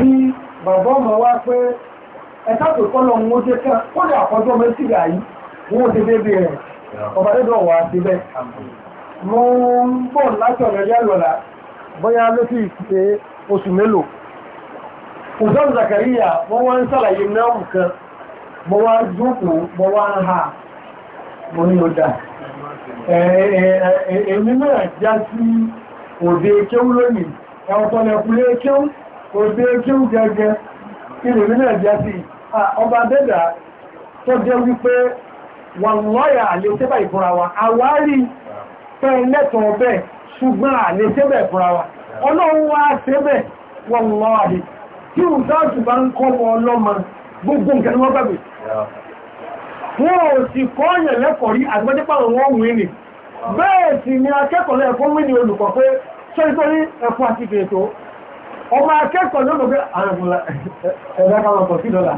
bí bàbá ọmọ wá pé ẹ̀ta tó kọ́lọ̀ ń wọ́n jẹ́ kí wọ́n lè àkọ́jọ́ mẹ́ sí ìyá yìí wọ́n ti débi rẹ̀ ọba dédọ̀ wà sí bẹ́ẹ̀. mo ń bọ̀ láti ọ̀nà yá lọ́la bóyá ló sì ṣe oṣù mélòó. ọ̀sán Zakariya wọ́n wá ń ṣàlàyé náà kan mo wá jókòó mo wá ń ha mo ní ọjà. èmi náà já sí òde kéwú lónìí ẹ̀wọ̀n tọ́lẹ̀kùnlé kéwú kò dé ojú gẹ́gẹ́ ilẹ̀ ní nàìjíríà sí ọba dẹ́dà tó jẹ́ wípé wọn lọ́yà àlẹ́sẹ́bà ìfúnra wa àwárí pẹ́ lẹ́tọ̀ọ́ bẹ́ẹ̀ ṣùgbọ́n àlẹ́sẹ́bà ìfúnra wa ọlọ́run wá sẹ́bẹ̀ wọn lọ́ọ̀dì tí ò sáàtù bá ń kọ́ mọ ọlọ́mọ gbogbo nǹkan ni wọ́n gbàgbé wọn ò sì kọ́ ọ̀yàn lẹ́kọ̀ọ́ rí àgbẹ́jẹ́pà wọn wù ní bẹ́ẹ̀ sì ni akẹ́kọ̀ọ́ lẹ́ẹ̀kọ́ mí ni olùkọ́ pé sọ́yìn tó ní ẹ̀fọ́ àti kèétò ọmọ akẹ́kọ̀ọ́ ló gbogbo àrẹ̀gbọ́lá ah, ẹ̀ẹ́dẹ́gbọ́lá kọ̀sídọ́là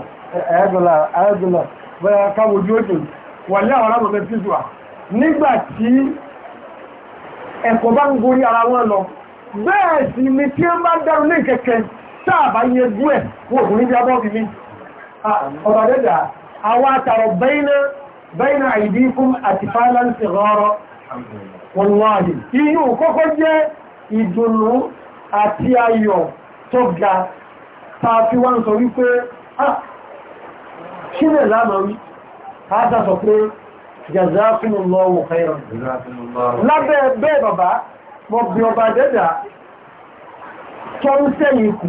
ẹ̀ẹ́gbọ́lá ẹ̀ẹ́gbọ́lá bẹ́ẹ̀ káwojú òjò wà ní àwọn ọmọ ẹ̀fí zuwa nígbà tí ẹ̀kọ́ bá ń gorí ara wọn lọ bẹ́ẹ̀ sì ni tí ó bá dẹrù ní kẹ̀kẹ́ sáàbà yẹ gú ẹ̀ wọ́n ìdùnnú àti ayọ̀ tó ga tààfí wá ń sọ wípé ah ṣílẹ̀ láàmà wí káàtà sọ pé jazakumullahu khairan lábẹ́ bẹ́ẹ̀ bàbá mọ̀ bí ọba dẹ́dà tó ń sẹ́yìn kù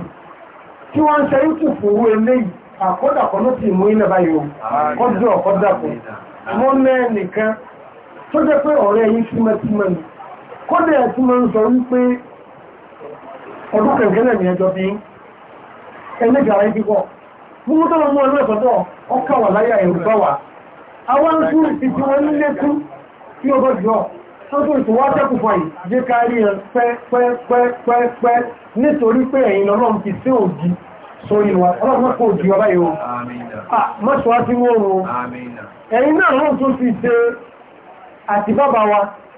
tí wọ́n ń sẹ́yìn kù fún owó eléyìí àkọ́dàkọ́ ló ti mú ilẹ̀ báyìí kọ́dọ̀ ọ̀kọ́dàkọ́ mọ́ tí mọ́ ń sọ wípé ọdún kẹ̀kẹ́lẹ̀ ní ẹjọ́ bí ẹlẹ́gà ayé kíkọ́ mú tó mú ẹlú ẹ̀kọ́tọ̀ ọkà wà láyà ẹ̀rù bá wà àwọn tó ti tí wọ́n nílé tú tí ó bọ́jọ́ tó tó ìtò wá tẹ́kù fọ́ yìí jẹ́ kárí ẹ̀ pẹ́pẹ́pẹ́pẹ́ nítorí pé ẹ̀yìn ọlọ́run ti sí òjì sórí wa ọlọ́run kò òjì ọba yìí o mọ́ṣọ́ á ti wọ́n o ẹ̀yìn náà lóòótọ́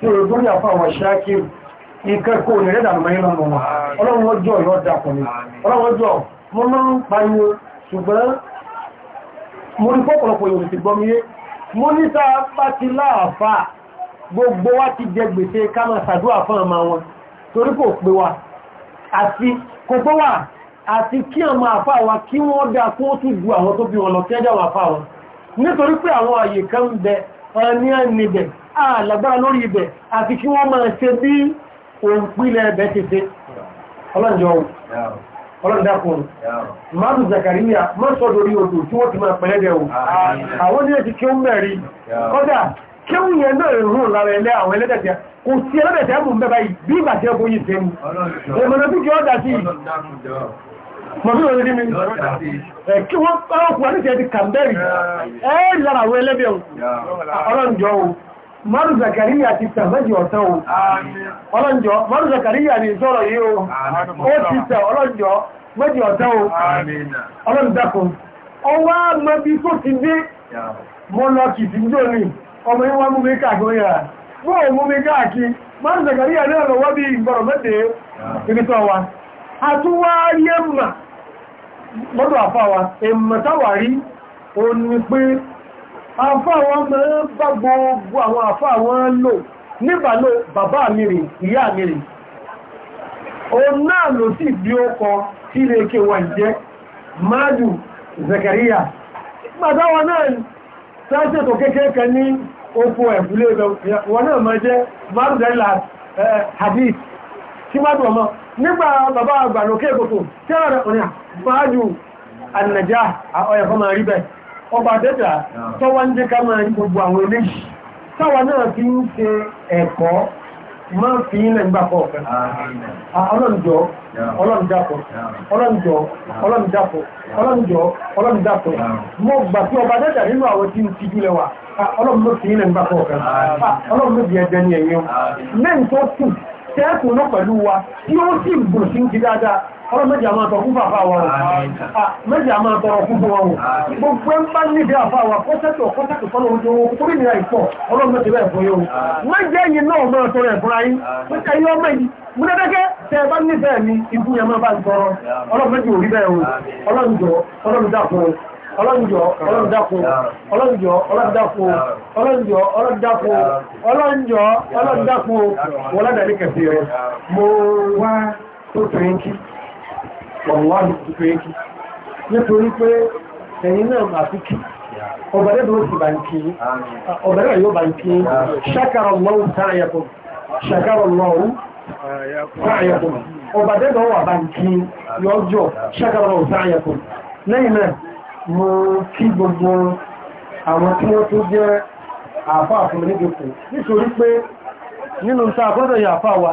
tí ó gbóyà fún àwọn ṣáàkì ìkẹ́kọ̀ọ́ onírẹ́ dànù mẹ́rin lọ́nà wọn ọlọ́run ọjọ́ yọ dàkùnrin ọlọ́run ọjọ́ mo máa ń pariwo ṣùgbọ́n mo rí pọ́pọ̀lọpọ̀ yòó ti gbọ́mí yé mo ní sáà bá ti láàfà gbogbo wa ti jẹ gbèsè ká máa ṣàdúrà fún ọmọ wọn torí kò pé wa àti kò pé wa àti kí ọmọ àfà wa kí wọ́n dá kó tún ju àwọn tó bí wọn lọ kẹ́jà wọn àfà wọn nítorí pé àwọn àyè kan ń bẹ ẹni ẹni bẹ̀ àlágbára lórí ibẹ̀ àti kí wọ́n máa ṣe bí òun pínlẹ̀ ẹbẹ̀ ti ṣe ọlọ́njọ́ ọlọ́ndàkùn márùn zakariya mọ́sọ̀ lórí odò tí wọ́n ti máa pẹ̀lẹ́dẹ̀ o àwọn ilé ti kí ó mẹ́rin kọ́dà kí ó yẹ náà rún lára ẹlẹ́ àwọn ẹlẹ́dẹ̀dẹ̀ kò sí ẹlẹ́dẹ̀dẹ̀ mú mẹ́bàá yìí bí ìgbà tí ó bóyí sí mú ọmọdé bí kí ó dà sí mọ̀bí òun ní mi kí wọ́n pàápàá ní ti ẹ̀ ti kàmbẹ́rì ẹ́ lára àwọn ẹlẹ́bẹ̀ ọlọ́njọ́ Mọ́rù Zakariya ti tàbẹ́jì ọ̀tán o. Ọlọ́njọ́, Mọ́rù Zakariya ni sọ̀rọ̀ yìí o. Ó ti tẹ̀ ọlọ́njọ́, mẹ́jì ọ̀tán o. Ọlọ́ndàkùn. Ọwá mẹ́bí tó ti dé, mọ́ lọ kì sí jò ní, ọmọ yíwá mú mi káàkiri rà. Bọ́ọ̀ mú mi káàkiri, Mọ́rù Zakariya náà lọ wọ́bí ìgbọ̀rọ̀ mẹ́tẹ̀ ibi tó wa. A tún wá yẹ́ mà, mọ́dọ̀ àfáwa, èmọ̀ táwàrí, òun ni àfá àwọn mẹ́rin bá gbogbo àwọn àfá àwọn lò níbàlò bàbá mìírì ìyá mi náà lò sí bí ó tí wà jẹ́ madu zakaria gbàdáwọn náà sáṣẹ́tò kékèké ní oko ẹ̀bùlé wọn ọba dẹ́dà tọ́wọ́ ń jẹ́ ká máa rí gbogbo àwọn eléyìí táwa náà fi ń ṣe ẹ̀kọ́ máa fi ilẹ̀ ń gbà pọ̀ ọ̀fẹ́ ọlọ́njọ́ ọlọ́njàpọ̀ ọlọ́njọ́ ọlọ́njàpọ̀ ọlọ́njọ́ ọlọ́njàpọ̀ mo gbà tí ọba dẹ́dà nínú àwọn tí ń tijú lẹ́wà ah, ọlọ́njọ́ fi ilẹ̀ ń gbà pọ̀ ọ̀fẹ́ ah, ọlọ́njọ́ fi ẹ̀jẹ̀ ní ẹ̀yìn mẹ́rin tó kù tẹ́ẹ̀kùn náà pẹ̀lú wa ọ̀rọ̀ mẹ́jì àmà àtọ̀ fún bàbá wa mẹ́jì àmà àtọ̀rọ̀ fún bọ́ wọn gbogbo ẹ̀ ń bá níbi àbá wa kọ́sẹ̀tọ̀ kọ́sẹ̀tọ̀ fọ́nà oúnjẹ owó kó nínú àìpọ̀ ọlọ́run mẹ́jì bẹ́ẹ̀ fún yóò mẹ́jì ẹ̀yìn náà mọ́ ọ̀tọ̀rọ̀ ẹ̀fúnra yín mẹ́jì ẹ̀yìn ọmọ yìí múnádẹ́gẹ́ tẹ́ bá nífẹ̀ẹ́ mi ibú yẹn máa bá ń tọrọ ọlọ́run mẹ́jì ò rí bẹ́ẹ̀ o ọlọ́run jọ ọlọ́run dàpọ̀ ọlọ́njọ́ ọlọ́ndáfo ọlọ́njọ́ ọlọ́ndáfo ọlọ́njọ́ ọlọ́ndáfo ọlọ́njọ́ ọlọ́ndáfo wọlọ́dà ní kẹfì rẹ̀ mo wá tó tẹ̀yìn kí wọ̀nwọ́n ìpéjì nítorí pé ẹ̀yìn náà máa fi kí ọ̀bẹ̀rẹ̀ ló ti bá ń kí ọ̀bẹ̀rẹ̀ yóò bá ń kí ṣákàrọ̀ lọ́wọ́ sáàyẹ̀kùn ṣákàrọ̀ lọ́wọ́ sáàyẹ̀kùn ọ̀bẹ̀rẹ̀ lọ́wọ́ wà bá ń kí lọ́jọ́ ṣákàrọ̀ lọ́wọ́ sáàyẹ̀kùn lẹ́yìn náà mo kí gbogbo àwọn tí wọ́n tó jẹ́ àfá àfúnmi nígbèkù nítorí pé nínú sáà gbọ́dọ̀ yà àfá wa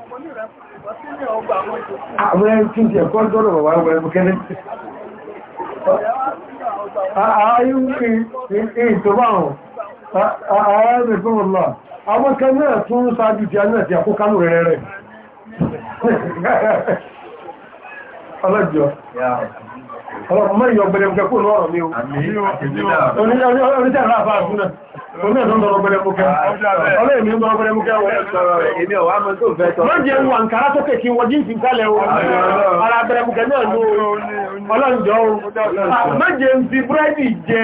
Àwọn ẹni tí ẹ̀kọ́ tọ́rọ bàbá ọgbà ẹgbẹ́ kẹ́lẹ́. Ààyúkì ìtọ́bà ọ̀hún, ààrẹ fún ọlọ́. Àwọn kẹ́lẹ́ tún sáájú ti aná ti àkó kánú rẹ̀ rẹ̀. Ọlọ́jọ́. Ọlọ́pọ̀ mọ́ ìyọ̀ gbẹ̀rẹ̀ Mọ́jẹ̀ ah, ń wà ń kàrá tókè kí wọ́n jíǹsì kálẹ̀ o, ah, ara bẹ̀rẹ̀ mùkẹ̀ náà ló ọlọ́njọ́ o. Mọ́jẹ̀ ń fi búrẹ́dì jẹ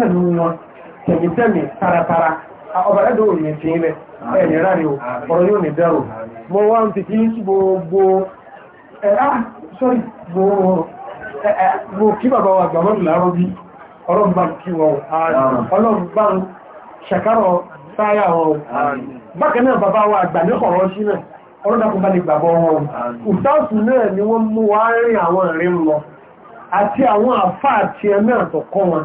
pẹ̀lú wọn tẹ̀mítẹ̀mí ẹ̀dọ́ òyìn tí ń ẹ̀yìn ráre o ọ̀rọ̀ yóò ní dẹ́rù mo wá ń tìtí gbogbo ẹ̀á sọ́rí gbogbo kí bàbá wa gbàmọ́dù láàárọ̀ bí ọlọ́run kí wọn ọlọ́run bá sáyà wọn ni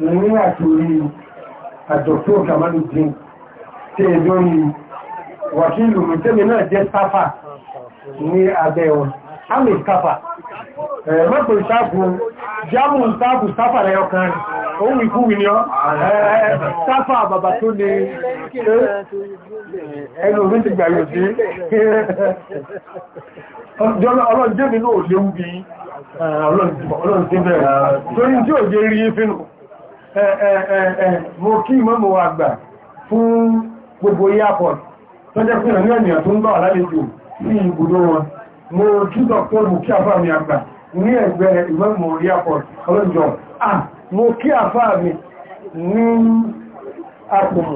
ní àtòrí àjọ̀tò kamaludin tí è lórí wàkílù mìtẹ́mì náà jẹ́ sáfà ní abẹ́ wọn àmì sáfà mọ́pẹ̀ ìsáàbù jámù sáàbù sáfà lẹ́yọ kan òun ìkúwì ni ọ́ sáfà bàbà tó lè ẹnu orí ti gbà yóò sí ọlọ́njẹ́ mi náà léwu bí ọlọ́njẹ́ bẹ̀rẹ̀ torí tí ò jẹ́ rí fínú mo kí ìmọ́mù wa gbà fún gbogbo airport tó jẹ́ pé ìrìn ènìyàn tó ń gbà lálejò sí ibùdó wọn mo kí dr mukí àfáà mi àgbà ní ẹgbẹ́ ìmọ́mù airport ọlọ́jọ́ ah mo kí àfáà mi ní àpòmù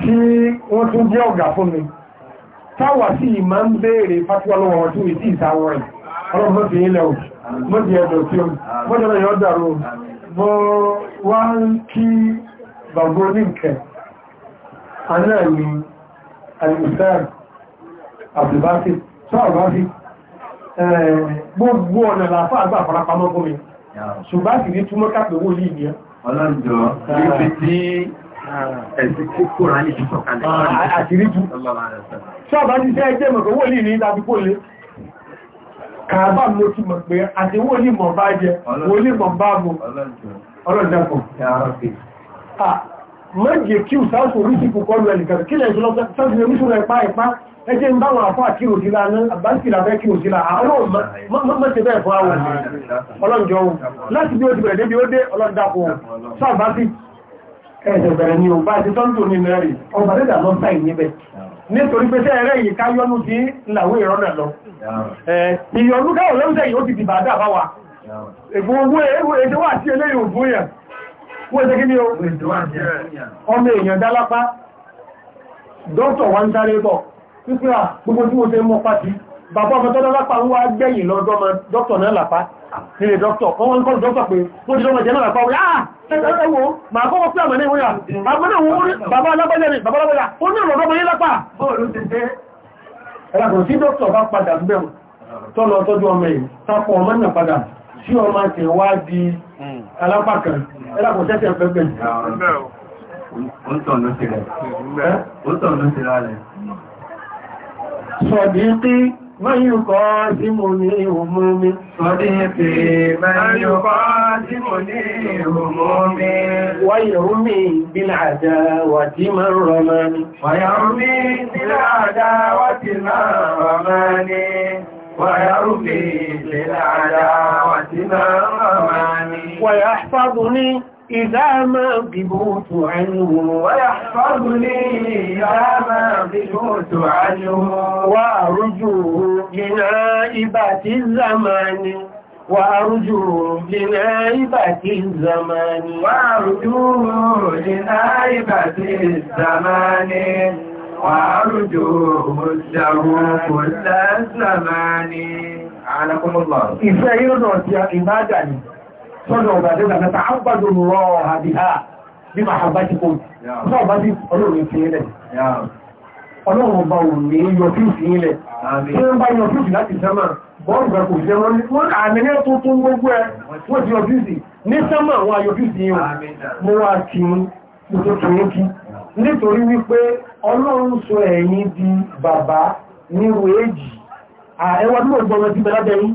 tí wọ́n tún jẹ́ fún mi táwà sí ìmá ń ọdún ìsáwọ́ rẹ̀ bọ́ wá ń kí bàbá oníkẹ̀ anáàlì alìsáàrì àbìbáṣì sọ́ọ̀báṣì gbogbo ọ̀nà làfá àgbà farapamọ́ fún mi ṣùgbáṣì ní túnmọ́ kápẹ̀ owó yìí ni ọlọ́jọ́ ah. níbi tí ẹ̀sì tí kò rá ní ìṣọ̀kalẹ̀ ah, àti rí jù sọ́ọ̀báṣì sẹ́ ẹjẹ́ mọ̀ kàábà ló ti mọ̀ pé àti wó ní mọ̀ bá jẹ wó ní mọ̀ bá bò ọlọ́dẹ̀kùn mọ́jẹ̀ kí ò sáàsù orísìkú kọlu ẹnìkan kí lẹ́yìn tó lọ́pẹ́ sáàsù orísìkú ẹ̀pá ẹ̀pá ẹjẹ́ ń báwọn àfọ́ àti òsìlá náà àbáṣìlá fẹ́ kí òsìlá àwọn mọ́sẹ̀ bẹ́ẹ̀ fún àwọn ọlọ́njọ́ ohun láti bí ó ti bẹ̀rẹ̀ débi ó dé ọlọ́dàkùn sáàbá sí ẹ̀ẹ̀dẹ̀bẹ̀rẹ̀ ni ò bá ti tọ́ntò ní mẹ́rin ọba nítorí pé tẹ́ ẹ̀rẹ́ yìí káyọ́nú tí ìlàwó ìrọ́nà lọ eh, ìyọ̀nú káwọ̀ lọ́wọ́sẹ̀ yìí ó ti dìbà dà bá wa ègbò owó èdè wà sí eléyìn òfún yẹn wọ́n ṣe kí ni ọmọ èèyàn dálápá dókítà wa ń sáré bọ̀ wípé à gbogbo tí mo ṣe mọ́ pàtí bàbá ọmọ tó dálápá ń wá gbẹ̀yìn lọ́dọ́ dókítà náà lápá nílé dọ́kítọ̀ wọ́n ń kọ́lù dọ́kítọ̀ pé ó ti lọ́mọ jẹ́mọ́ àpá wíyá ẹwọ́ ma kọ́kọ́ pé àmà ní ìwòyà àmà náà wọ́n rí bàbá alábẹ́lẹ̀ rí bàbá alábẹ́lẹ̀ ó ní ọ̀rọ̀ ọmọ yí lápá ẹ̀lẹ́kùn sí dọ́kítọ̀ bá padà bẹ̀rù tọ́lọ tọ́jú ọmọ yìí tapọ̀ ọmọ náà padà sí ọmọ tẹ̀ wá di alápá kan ẹ̀lẹ́kùn tẹ́tẹ̀ pẹ́pẹ́ Sọ̀dí من يقاسمني همومي صديقي من يقاسمني همومي ويرمي بالعداوة من رماني ويرمي بالعداوة من رماني ويرمي بالعداوة من رماني ويحفظني إذا ما قبوت عنه ويحفظني إذا ما قبوت عنه وأرجوه لنائبة الزمان وأرجو لنائبة الزمان وأرجو لنائبة الزمان وأرجو له كل الزمان عليكم الله إذا يرضى يا sọ́dọ̀ ọ̀gá dẹ́gbà mẹ́ta ábàdò lọ bí máa bá ti kún sọ́ọ̀ bá ọlọ́run fi ilẹ̀ ọlọ́run bá ò ní láti sẹ́mà kò jẹ́ wọ́n tún gbogbo wọ́n ti ní sẹ́mà wá kí tó nítorí wípé ọlọ́run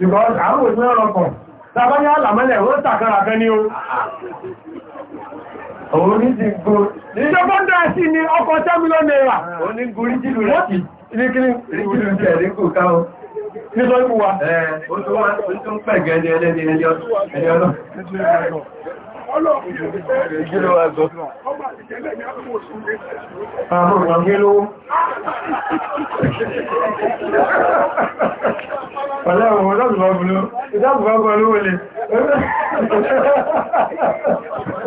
because àwọn òṣèrè ọ̀rọ̀pọ̀ tàbá ní ó ní òun ní ti gbò ní ń dáa sí ní ọkọ̀ 10 million naira ó ní gorí jìlù rẹ̀ kì ọkọ ọkọ ọkọ ọkọ ọkọ ọkọ kò káwọ́ ní sọ ìpùwà ẹ̀ ó Ọlọ́run ọlọ́run ọ̀bùnú, ìdábùbá ọgbọ̀n ló wọlé.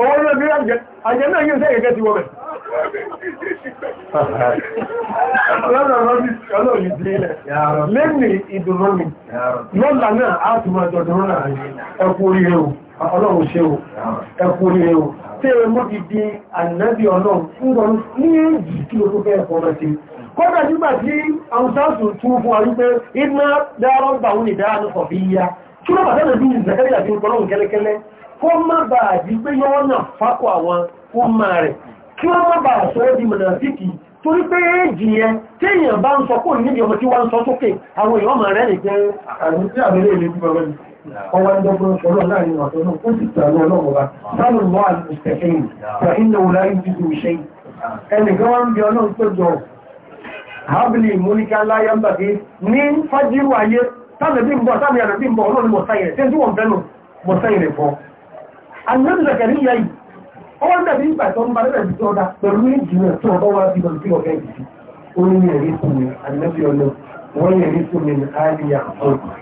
Ọwọ́ ló bí àjẹ́ náà yóò sẹ́gẹ̀ẹ́ ti wọ́bẹ̀. Ọlọ́run ọlọ́run ìdí ilẹ̀. Lẹ́mì ìdùnnú mi, lọ́lá náà á tún máa jọ ọlọ́run ṣe o ẹkùn ní o tí ẹ mọ́ ti di ànábì ọlọ́run fún ọdún ní èyí kí ló tó fẹ́ ẹ̀kọ́ ọmọ sí kọ́dà nígbà tí àwọn sáàsù tún fún ọdún pé iná dárọ́ gbà wọn lè dára lọ́kọ̀ bí yá kí ló bàtà lè bí ìzẹ̀kẹ́lẹ̀ àti ọlọ́run kẹ́lẹ́kẹ́lẹ́ kó má bà á di pé yọ́ náà fákọ̀ àwọn ọmọ rẹ̀ kí wọ́n má bà á sọ ọ́ di mọ̀nàfíkì torí pé èjì yẹn tí èèyàn bá ń sọ kó níbi ọmọ tí wọ́n ń sọ sókè àwọn èèyàn ọmọ rẹ̀ nìkan àrùn tí àbẹ̀lẹ̀ ìlú ọwọ́ ẹgbẹ́gbọ́n ṣọlọ́ láàrin ọ̀tọ́ náà ó sì tàbí ọlọ́mọba sáàrùn mọ́ àlùsẹ̀fẹ́yìn fàínà òláyìn títù iṣẹ́ ẹnìkan wọ́n ń bí ọlọ́run tó jọ hábìlì múníkà láyámbàdé ní fájírù ayé sáàbẹ̀bí ń bọ̀ sáàbẹ̀ àrẹ̀bí ń bọ̀ ọlọ́run mọ̀sáyìn rẹ̀ tí wọ́n bẹ́nu mọ̀sáyìn rẹ̀ fọ́ annabi zakari yayi ọwọ́n dàbí ìgbà tó ń bá lẹ́rẹ̀ sí ọ̀dá pẹ̀lú ìjìnà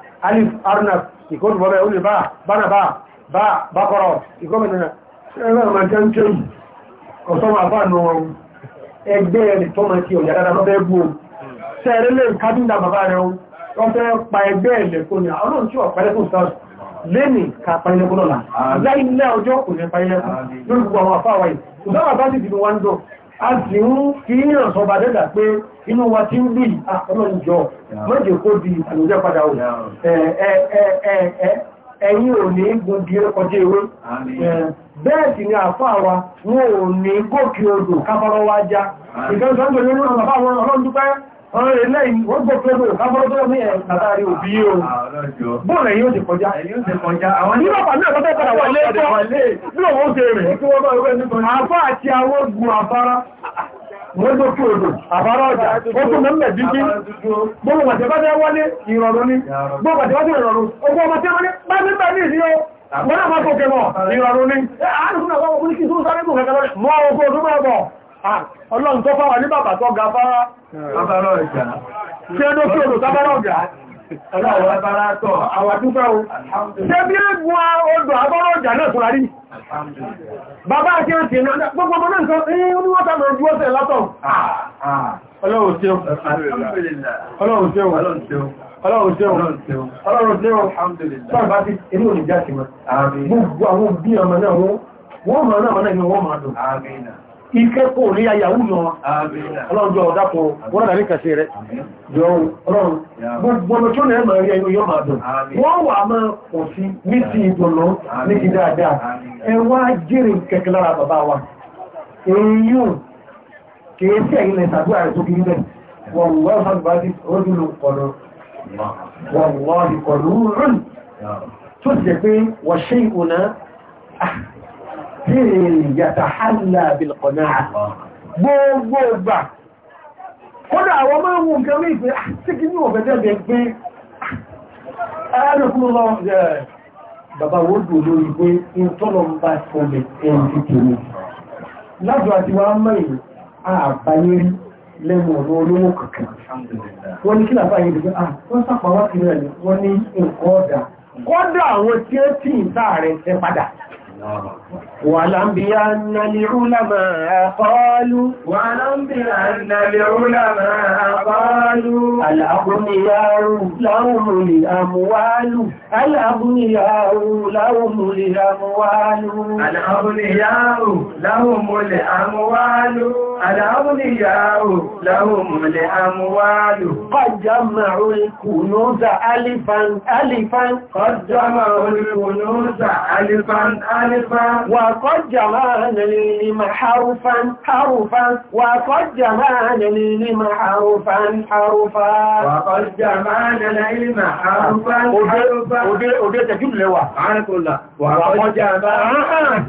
alif arnab ìkọ́nù bọ́bẹ̀ ó lè bá bánà bá bá bákọ́rọ̀ ìkọ́mìnà ẹgbẹ́ ọmọ jẹ́ ń tẹ́ yìí ọ̀sọ́mọ àbáànù ọrùn ẹgbẹ́ ẹni tó máa ti ọ̀yà dáadáa lọ́bẹ̀ gbò sẹ́ẹ̀rẹ́ lè kábíńdà ni àwọn ohun tí ọ̀pẹ́lẹ́kùn sáà lẹ́nì ka pàílẹ́kùn lọ́la láìlẹ́ ọjọ́ kò ní pàílẹ́kùn lórí gbogbo àwọn àfáà wáyé ìjọba bá sì a ń fi yàn sọba dẹ́dà pé inú wa ti ń bí àpọ̀lọ́njọ mọ́jẹ̀ kó di àlùjẹ́ padà ò ẹ̀yìn ò ní gbogbo ọkọ̀jẹ́ ewé bẹ́ẹ̀ sì ni àfáà wa wọn ò ní gòkè odò kábọ́rọ́ ọ̀rọ̀ ilẹ̀ wọ́n gbọ́ pẹ̀lú ìfàmọ́lọ́gbọ́n ní ẹ̀kàtàrí òbí o bọ́ọ̀lẹ̀ ah, yóò ti kọjá ní ọ̀pàá náà lọ́pẹ́ padà wà lẹ́ẹ̀kọ́ bí òun ṣe rẹ̀ àfá àti àwọn ogun àfárá wọ́n tó kí odò àfárá ọjà ó tún mẹ́mẹ́ dídí gbogbo pàtẹ́bátẹ́ wọlé ìrọ̀rùn ní gbogbo pàtẹ́bátẹ́ ìrọ̀rùn ogun ọmọ tí wọ́n ní bá ní bá ní ìdíyọ́ wọ́n náà máa tó kẹ mọ̀ ìrọ̀rùn ní àárùn náà wọ́n kú ní kí sórúsáré Ah, ọlọ́run tó fáwà ní bàbá tó ga fárá bàbárọ̀ ìjà ṣe ló kí odò tábárọ̀ ọ̀gá ọlọ́run bàbárá tọ̀ àwàdúgbẹ́ o ṣe bí egun odò àbárọ̀ ọ̀gá náà tún rárí bàbá àti ẹ̀sìn ìrìnà gbogbo ọmọ náà sọ ẹ̀yìn ah, ah. oníwọ́ta mọ̀ ojú ọ̀sẹ̀ látọ̀ ọlọ́run ṣeun ọlọ́run ṣeun ọlọ́run ṣeun ọlọ́run ṣeun ọlọ́run ṣeun ọlọ́run ṣeun ọlọ́run ṣeun ọlọ́run ṣeun ìkẹ́kọ̀ọ́ ní ayàwó lọ ọlọ́jọ́ ọ̀dápọ̀ wọ́n rà ní kàṣẹ rẹ̀ jọ ọlọ́run gbogbo ma ó lẹ́rẹ̀ mọ̀ rí ẹyọ yọ máa dùn wọ́n wà máa pọ̀ sí ní ti ìdùnnú ní ti dáadáa ẹ wá jẹ́rìn kẹ̀kẹ́ lára bàbá wa èyí kìí sí ẹ̀yìn lẹ̀ sàdúrà rẹ̀ tó kiri bẹ́ẹ̀ tí ìyàtà hálà bìlọ̀kọ̀nà gbogbo ọgbà kódà àwọn máa ń nǹkan rí ìpé tí kí ní òfẹ́jẹ́ pé arábìnkú ah, ah, lọ bàbá wo lórí pé in tọ́lọ ń bá ṣọlẹ̀ ti lájọ àti àbáyé olówó kankan wọ́n ní yìí ah wọ́n wọ́n ní nǹkan ọ̀dà àwọn tí ó rẹ̀ padà ولم بأن العلماء قالوا ولم بأن العلماء قالوا الْأَغْنِيَاءُ لهم الأموال الْأَغْنِيَاءُ لهم الأموال الأغنياء لهم الأموال الأولياء لهم الأموال قد جمعوا الكنوز ألفا ألفا قد جمعوا الكنوز ألفا ألفا وقد جمعنا لهم حرفا حرفا وقد جمعنا لهم حرفا حرفا وقد جمعنا لهم حرفا حرفا وبيت جملة واحد وقد جمعنا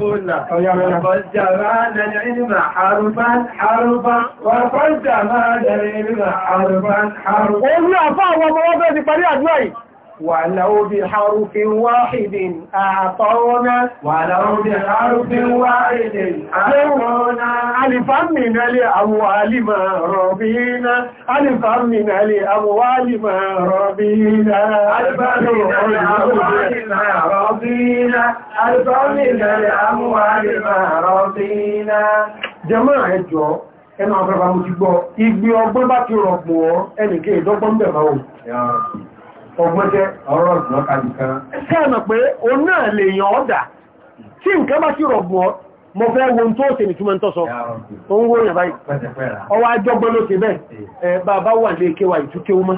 وقد جمعنا العلم حرفا حرفا حربا وقد ما دليل حربا حربا قولي أفا ومواضع ولو بحرف واحد أعطونا ولو بحرف واحد أعطونا ألفا من الأموال ما ربينا ألفا من الأموال ما ربينا ألفا من الأموال ما ربينا ألفا من الأموال ما ربينا jẹmọ́ ẹjọ́ ẹnu afẹ́fà mo ti gbọ́ igbe ọgbọ́n bá ti rọ̀gbọ̀n ọ́ ẹnìkẹ́ ìdọ́gbọ́n bẹ̀ máa wò ọgbọ́n jẹ́ ọ̀rọ̀ ọ̀gbọ́n kàdìkan sẹ́ẹ̀mọ̀ pé o náà lè yàn ọ́dà tí nǹkan bá ti rọ̀gbọ̀n ọ́ mo fẹ́ wo tó ṣe ní túnmọ̀ tọ́sọ tó ń wóyàn báyìí ọwọ́ ajọ́gbọ́n ló ṣe bẹ́ẹ̀ eh. bàbá wà lè kéwà ìtúkéwó mọ́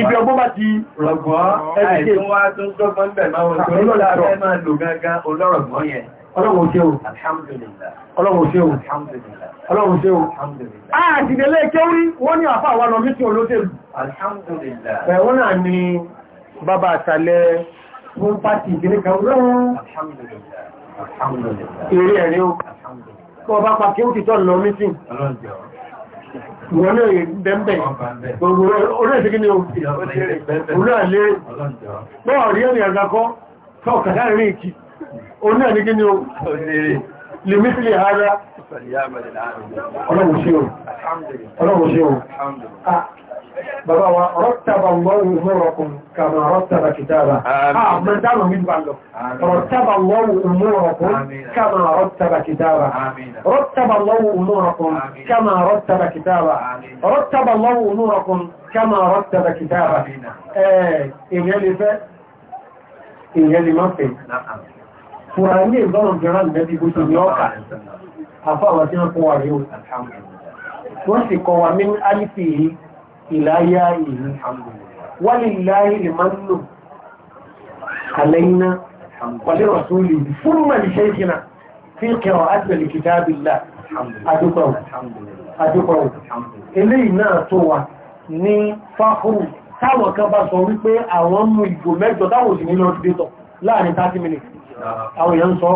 ibi ọgbọ́n bá ti rọ̀gbọ́n ẹ̀ẹ́dẹ̀kẹ́ ọlọ́run ṣe o alhamdulillah ọlọ́run ṣe o alhamdulillah ọlọ́run ṣe o alhamdulillah ààdìdẹ̀lẹ́ ah, kéwúrí wọ́n ní àfà àwọn ọmọ tí olóṣèlú alhamdulillah ẹ̀wọ́n náà ni bàbá àtàlẹ́ fún pàtì ìgbìnlẹ̀ kan lọ́wọ́ alhamdulillah alhamdulillah eré ẹ̀rí o kọ́ bá pa kéwú ti tọ́ lọ mítì wọ́n lè bẹ́m̀bẹ̀ orí ẹ̀sẹ̀ kí ni o orí ẹ̀lẹ́ bọ́ọ̀ rí ẹ̀rìn àgbàkọ́ tọ́ kàdá rí òun náà ní kí ni ó lè mí sílẹ̀ ara ọlọ́run ṣe òun ah, bàbá wa rọ́tàbà lọ́rùn múrọ̀kùn kàmà rọ́tàbà kìtàbà àmìdánà ah, mídbà lọ rọ́tàbà lọ́rùn múrọ̀kùn kàmà rọ́tàbà kìtàbà rọ́tàbà lọ́rùn múrọ̀kùn kàmà rọ́tàbà kìtàbà rọ́tàbà lọ́rùn múrọ̀kùn kàmà rọ́tàbà kìtàbà fúra ilé ìgbọ́rùn jẹ́ rán nẹ́bí bó ṣe ní ọ́kà àfáwà tí wọ́n kọ́ wà rí o wọ́n sì kọ́ wa ní alifi ìláyá ìlú wọ́n lè láyé ìmánlò àlẹ́yìnà fáhùrù táwọn kan bá sọ wípé àwọn mú ìgò mẹ́jọ táwọn òsì nílò láàrin 30 minutes àwọn èèyàn sọ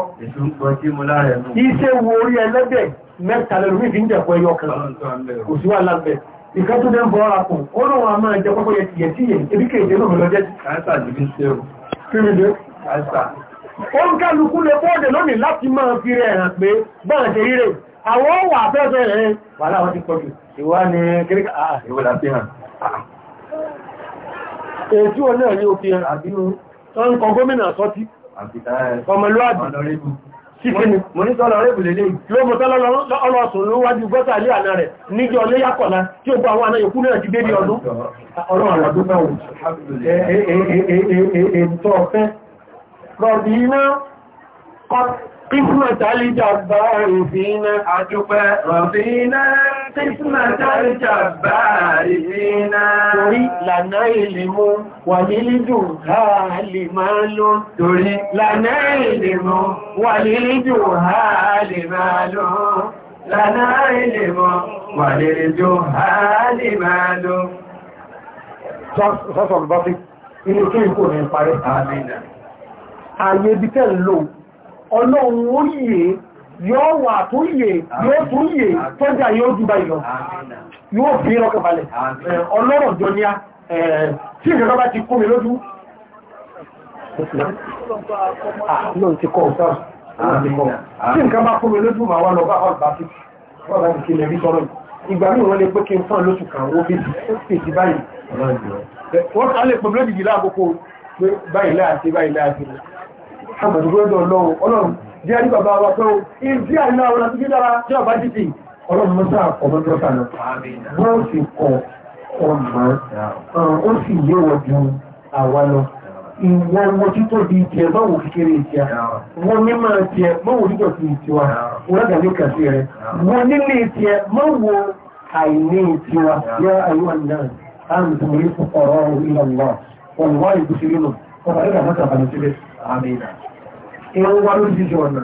iṣẹ́ wo orí ẹlẹ́dẹ̀ mẹ́ta lẹ́rù ní ìdíjẹ̀ pọ̀ ẹyọ kan kò sí wà lábẹ́ ìkan tó dẹ́n bọ́ra kùn ó lọ wọn a máa jẹ pọ́pọ́ yẹtìyẹ tí yẹ ebí kéèké náà lọ jẹ́ ó ń kálukú lè bọ́ọ̀dẹ̀ lónìí láti máa fi rẹ̀ hàn pé báyìí ṣe rírẹ̀ àwọn wà fẹ́fẹ́ rẹ̀ wà láwọn ti pọ̀jù ìwá ni kíríkà ah, ah. ìwé láti hàn ah, èyí tí wọ́n náà ní òfin àbínú tó ń kọ gómìnà sọ́tí ọmọlúwàbí síkíni mo ní tọ́lọ rẹ̀ bùlé léyìn ló mọ́ tọ́lọ ọlọ́ọ̀tún ló wájú gọ́ta ilé àná rẹ̀ níjọ lé yàkọ̀lá tí ó gbọ́ àwọn àná ti dé ní ọdún ọlọ́run Kísmà tàíjà bá ìfìnà àjúpẹ́ rọ̀fìnà, kísmà tàíjà bá ìfìnà. Torí lànà ìlèmú wà nílìdù háàlì máa lọ. Torí lànà ìlèmú wà nílìdù háàlì máa lọ. Lànà ìlèmú wà nílìdù háàlì máa lọ. Sọ́sọ̀ bá fi inú kí ìkò ní parí. Àmìnà. Àyè bí tẹ́ lóò ọlọ́run ó yè yóò wà tó yè yóò tó yè tọ́jà yóò jù báyìí lọ yóò fi rọ́kẹ̀ balẹ̀ ọlọ́rọ̀ jọ ní a tí ìjọba bá ti kó mi lójú lóò ti kọ́ ọ̀sán tí nǹkan bá kó mi lójú màá wà lọ bá ọ̀gbà sí ọ̀gbà sí ilẹ̀ rí sọ́rọ̀ ìgbà ní ìwọ́n lè pé kí n fún lóṣù kan owó bí i báyìí wọ́n kà lè pọ̀ lójijì láàkókò báyìí láàṣẹ báyìí láàṣẹ àgbàdúgbò ọlọ́run ọlọ́run jẹ́ àrí bàbá wa pé ó ìdí àìlá àwọn àti dídára jẹ́ ọ̀bá jìtì ọlọ́run mọ́sá ọmọ tó sànà wọ́n sì kọ ọmọ ó sì yé wọ ju àwa lọ ìwọ̀n wọn tí tó di tiẹ̀ báwo kékeré tiẹ̀ wọn ní máa tiẹ̀ báwo dídọ̀ sí tiwa wọn gàdé kàṣí rẹ wọn nílé tiẹ̀ báwo àìní tiwa yá àyíwá náà àǹtí mo ní fọkọrọ ìlànà wọn wáyé bùsùlùmù ọba ẹgbàá mọ́ta àbàlẹ̀ síbẹ̀ àmì ìlànà ìwọ̀n wá lórí jíjọ ọ̀nà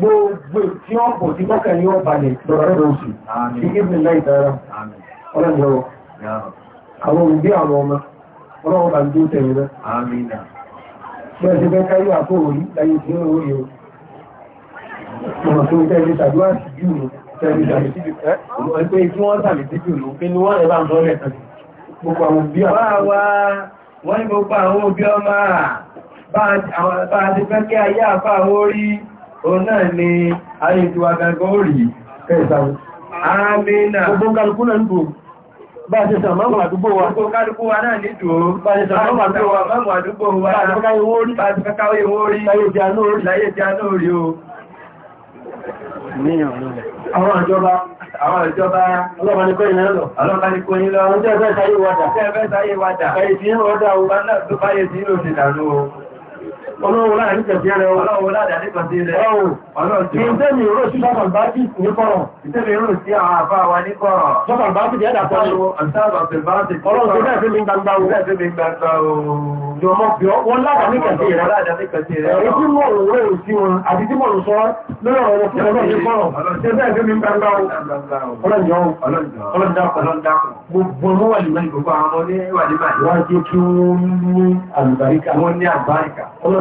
gbogbo tí ó pọ̀ tí mọ́kà ní ọ̀pá lè lọ́rọ̀ oṣù sí ìpín láì tara ọlọ́dọ̀ọ́ àwọn òbí àwọn ọmọ ọlọ́wọ́ bá ń tó tẹ̀lé náà bí ẹ̀ṣẹ̀ bẹ́ káyọ̀ àpò òrí láyé tí ó rí o ọmọ tó tẹ̀lé tàbí wá sí jù tẹ̀lé tàbí sí jù ẹgbẹ́ tí wọ́n tàbí sí jù ló pé ní wọ́n rẹ̀ bá ń sọ́lẹ̀ gbogbo àwọn òbí àwọn òbí ọmọ bá ti fẹ́ kí ayé àfà orí òun náà ni ayé ti wà gangan orí kẹsàn-án àmìnà gbogbo náà bá ṣe àdúgbò wa gbogbo kálukú wa náà bá ṣe àdúgbò wa àwọn ìjọba àwọn ìjọba ọlọ́pàá ní ọlọ́pàá ní ọjọ́ ẹgbẹ́ sáyé wádà tí bá náà tó báyé tí Ọlọ́run láàrin tẹ̀sí rẹ̀ ọlọ́run láàrin tẹ̀sí rẹ̀ ọlọ́run. Ìjẹ́mi ìró sí Sọ́bàlbájì ní kọ́rọ̀. Ìjẹ́mi ìró sí àwọn àfáà wa ní kọ́rọ̀. Sọ́bàlbájì jẹ́ dàtọ́ ni. Ọlọ́run tó bẹ́ẹ̀ fi mi gbangba o. Bẹ́ẹ̀ fi mi gbangba o. Jọmọ bí ọ, wọ́n láàrin tẹ̀sí rẹ̀. Láàrin tẹ̀sí rẹ̀. Èyí tí mò ń rẹ̀ sí wọn, àti tí mò ń sọ lórí ọ̀rọ̀ fún ọlọ́run ní kọ́rọ̀. Ṣé bẹ́ẹ̀ fi mi gbangba o. Ọlọ́run jọ ọlọ́run dákọ̀. Gbogbo ọmọ wà ní mẹ́rin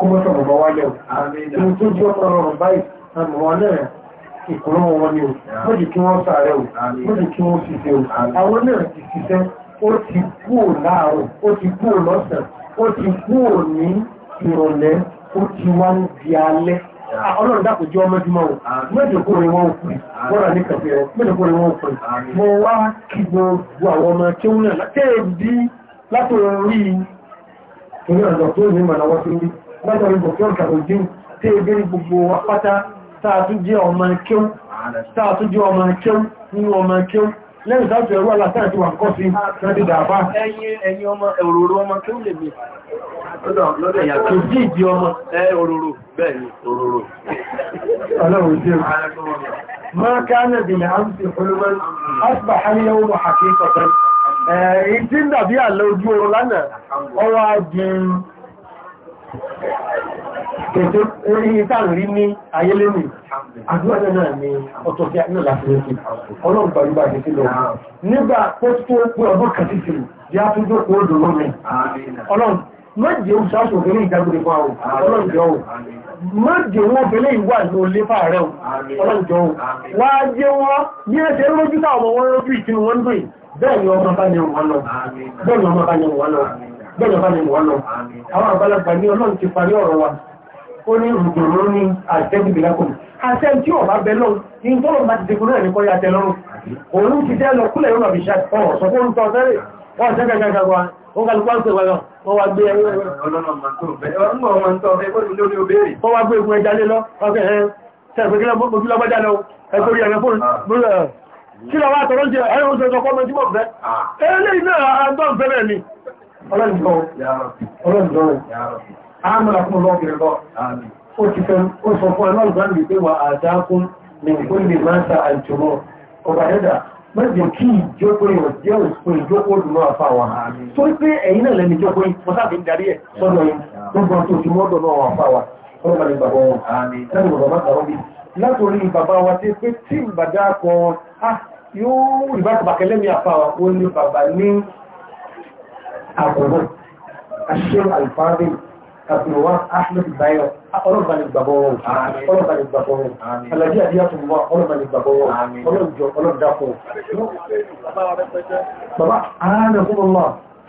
kó mọ́sọ̀ bàbá wá lẹ́wọ̀ ohun tó jẹ́ ọ̀pọ̀ ọ̀rọ̀ báyìí àmọ́ wọn náà o wọ́n jẹ́ kí wọ́n sàárẹ̀ o wọ́n jẹ́ kí wọ́n ṣiṣẹ́ o àwọn náà ti ṣiṣẹ́ ó ti kú ò láàárọ̀ ó ah, ọlọ́run dákò jẹ́ ọmọ jùmọ̀ o mẹ́jọ̀kọ́ rẹ̀ wọ́n kù wọ́n rà ní kàfẹ́ rẹ̀ mẹ́jọ̀kọ́ rẹ̀ wọ́n kù mo wá kí gbogbo àwọn ọmọ tí ó ń rẹ̀ látẹ́ bí látòrí ìrìn àjọ tó ní ìmọ̀nà wọ́n ti lọ́dọ̀ ìgbòkè ọ̀gàròjú tí ebé ní gbogbo wa pátá tààtújẹ́ ọmọ kéw nínú ọmọ kéw lẹ́yìn sáàtù ẹ̀rọ alásán àti wàǹkọ́ sí láti dàbá ẹ̀yìn ọmọ òróró ọmọ kéw lè ما كان بالأمس حلما أصبح اليوم حقيقة ìdí dàbí àlọ́ ojú oorun Ètò orí ìtàrí ní ayélémi, àdúwàjẹ́ náà ni ọ̀tọ̀ sí àìyàn láti lókè, ọlọ́run gbàrúgbà ní sílọ. Nígbà tó tó pé ọdún kan sí sílù, jẹ́ àtúndó kó ó dòrò mi. Ọlọ́run, mẹ́jẹ̀ ó sáṣò fẹ́lẹ̀ ìjágbèrè fún àwọn ọlọ́run jọ ò. Mẹ́jẹ̀ wọ́n fẹ́lẹ̀ ìwà ní olé fàárẹ̀ ọlọ́run jọ ò. Wá jẹ́ wọ́n, bí ẹ ṣe rójú táwọn ọmọ wọn rójú ìtinú wọn dùn, bẹ́ẹ̀ ni ọmọ bá ní wọn lọ gbọ́dọ̀ bá ní wọ́n lọ. Àwọn àgbàlagbà ní ọlọ́run ti parí ọ̀rọ̀ wa. Ó ní ìrùdòrò ní àtẹ́bìbìlákùn. Àṣẹ tí ọ̀bá bẹ lọ́run ní tọ́lọ̀ bá ti dẹkùn náà ní kọ́ yá tẹ lọ́rùn. Òun ti tẹ́ lọ kúlẹ̀ yóò rọ̀bì ṣá ọ̀rọ̀ tọ́ sẹ́rẹ̀. Wọ́n ṣẹ́ gàgàgà wa. ọmọ ìjímọ̀ fẹ́. Ah. Eléyìí ọlọ́nìkan ọlọ́nìkan àmàrà fún ọlọ́bìnrin bọ́ ó ti fẹ́ ó sọ fún ọlọ́nìkan lè pé wà àdákún ní ìpínlẹ̀ máta àjùmọ̀ ọba ẹ̀dà mẹ́jọ kí ìjókòó yóò jẹ́ òṣùpọ̀ ìjókòó dùnú àfa wà tó pé ẹ̀yìn náà lẹ́nu ìjókòó yìí wọ́n sábẹ̀ ń darí ẹ̀ sọ́dọ̀ yìí gbogbo àti òṣù mọ́dọ̀ náà wà fà wà ọlọ́ba ní bàbá wọn lẹ́nu bàbá máta wọn bí látòrí bàbá wa ti pé tí ìbàdà kan ah, yóò ìbátàbàkẹ́lẹ́mì àfa àkọ́bọ̀ aṣẹ́ alfáàdì àbúrọ̀wá ahmed bayo ọlọ́bàní gbàbọ̀wọ̀ ọlọ́bàní gbàbọ̀wọ̀ alájí àdíyàtùmọ́ ọlọ́bàní gbàbọ̀wọ̀ ọlọ́jọ ọlọ́dàpọ̀ bàbá ààrẹ fún ọlọ́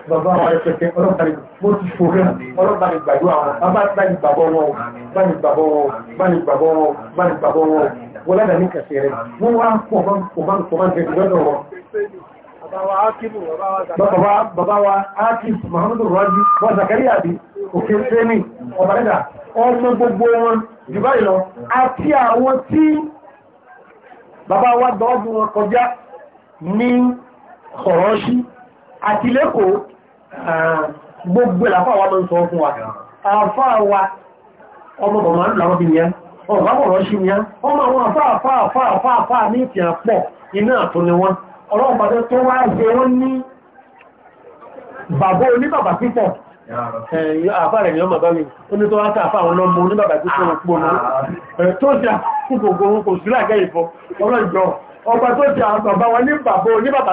bàbá àwọn ẹ̀fẹ̀fẹ̀ ọlọ́bàní mo ti fòrẹ́ ọlọ́bàní gbàdúrà bàbá báni gbàbọ̀wọ̀ báni gbàbọ̀wọ̀ báni gbàbọ̀wọ̀ báni gbàbọ̀wọ̀ wọlé bàbá wa ákìbù Muhammadu rọ́jú wọ́n Zakariya bí òkè sẹ́mi ọ̀bàdà ọmọ gbogbo wọn jù báyìí lọ àti àwọn tí bàbá wa gbọ́ọ̀dù wọn kọjá ní kọ̀rọ̀ṣí àti lẹ́kọ̀ọ́ gbogbo ìlàfà wa mọ́ sọ fún wa àfà wa ọmọ bọ̀mọ̀ láwọn bí nìyà ọ̀rọ̀ bọ̀rọ̀ṣí nìyà ọmọ àwọn àfà àfà àfà àfà ní ìtìyàn pọ̀ iná ọlọ́run bàbá tó wá ṣe ó ní bàbá oníbàbà pípọ̀ eh, àfà rẹ̀ ni ọmọ bá mi ó ní tó wá sáà fáwọn ọmọ oníbàbà tí ó pọ̀ náà ah. eh, tó ṣe àkókò kò sí láàgẹ́ ìfọ́ ọlọ́jọ́ ọba tó ṣe àbàbà wọn ní bàbá oníbàbà ah,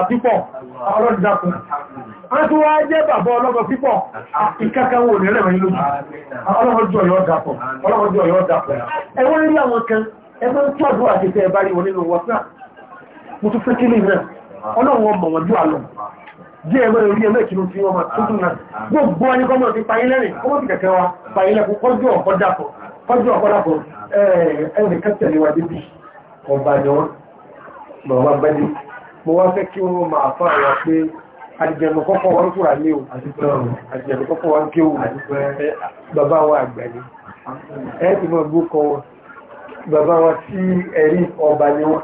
bàbá pípọ̀ ah, ìkankan wò mo tún fẹ́ kílì náà ọlọ́run ọmọ wọn jù àlọ́ díẹ̀ ẹgbẹ́ orí ẹgbẹ́ ìkìlú tí wọ́n máa tó tún náà gbogbo ẹni kọ́mọ̀ ti payín lẹ́rìn kọ́mọ̀ ti kẹ̀kẹ́ wa payín lẹ́kùn kọjú ọ̀kọ́ dàpọ̀ kọjú ọ̀kọ́ dàpọ̀ ẹni kẹtẹ̀lé wa débi ọba ni wọn bàbá gbẹ́dé mo wá fẹ́ kí wọ́n máa fà wá pé àdìjẹ̀mù kọ́kọ́ wọn kúrà ní o àdìjẹ̀mù kọ́kọ́ wọn kí o bàbá wa àgbà ni ẹ ti mọ gbó kọ wọn bàbá wa tí ẹ̀rí ọba ni wọn.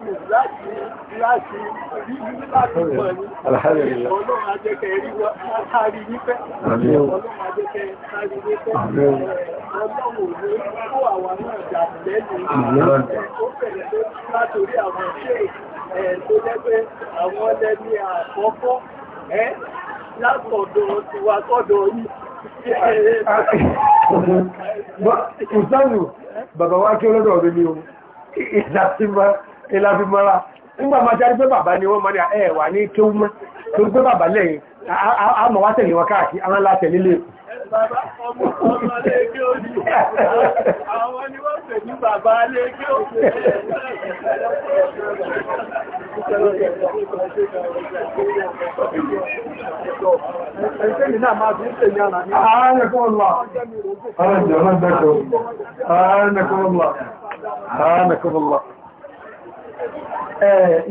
Alhamdulillah. Ọlọ́run ajẹ́kẹ̀ẹ́ rí wọ́n kárí nípẹ́. Ọlọ́run ajẹ́kẹ̀ẹ́ ọdún nípẹ́. Ọlọ́run ò ní kó àwọn náà jà lẹ́yìn. Ó bẹ̀rẹ̀ tó látorí àwọn ṣe ẹ̀ tó jẹ́ pé ìlàbí mara nígbà máa járí pé bàbá ni wọ́n mara ẹ̀wà ní kí ó tó gbé bàbá lẹ́yìn àmọ̀ wá tẹ̀lé wọn káàkiri àwọn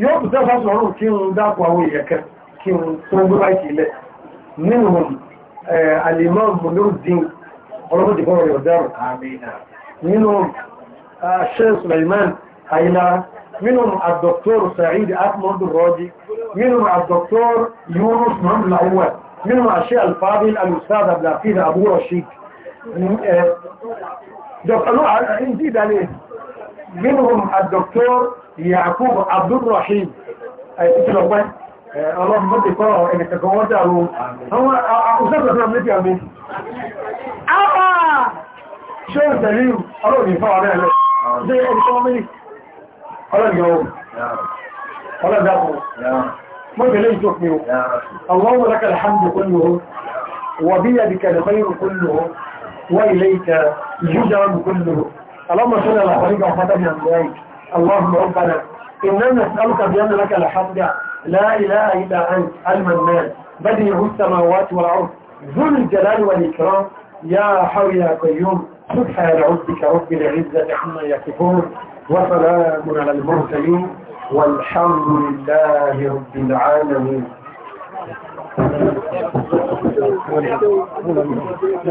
yóò tún tẹ́fà sọ̀rọ̀ kí n dákọ̀ àwọn ìyẹ̀kẹ́ kí n tó gbé láìkì ilẹ̀ nínú alìmọ́ mọ̀lúrùdín ọlọ́pọ̀dé bọ́rọ̀ rẹ̀ ọ̀dẹ́rọ̀ nínú Sheikh Sulaiman àìlá nínú àdọ̀tọ́rù Sa'id Ahmad Rọ́jí nínú àdọ̀tọ́rù Yunus Muhammad Awwal nínú àṣẹ alfadil al-Ustad Abdulhafiz Abu Rashid يعقوب عبد الرحيم اي أه، أه، أه، اسلام الله مدد قرى وإن تقوات أروم هو أسرد في أمريكي أمين أبا شو الدليل أروم يفع عليه لك زي أبي شو أمين قال اليوم قال دابو ما دليل تحميه الله لك الحمد كله وبيدك الخير كله وإليك يجعل كله اللهم صل على طريق وفتح من أمريكي اللهم ربنا إنا نسألك بأن لك الحمد لا إله إلا أنت المنان بديه السماوات والأرض ذو الجلال والإكرام يا حول يا قيوم سبحان ربك رب العزة عما يصفون وسلام على المرسلين والحمد لله رب العالمين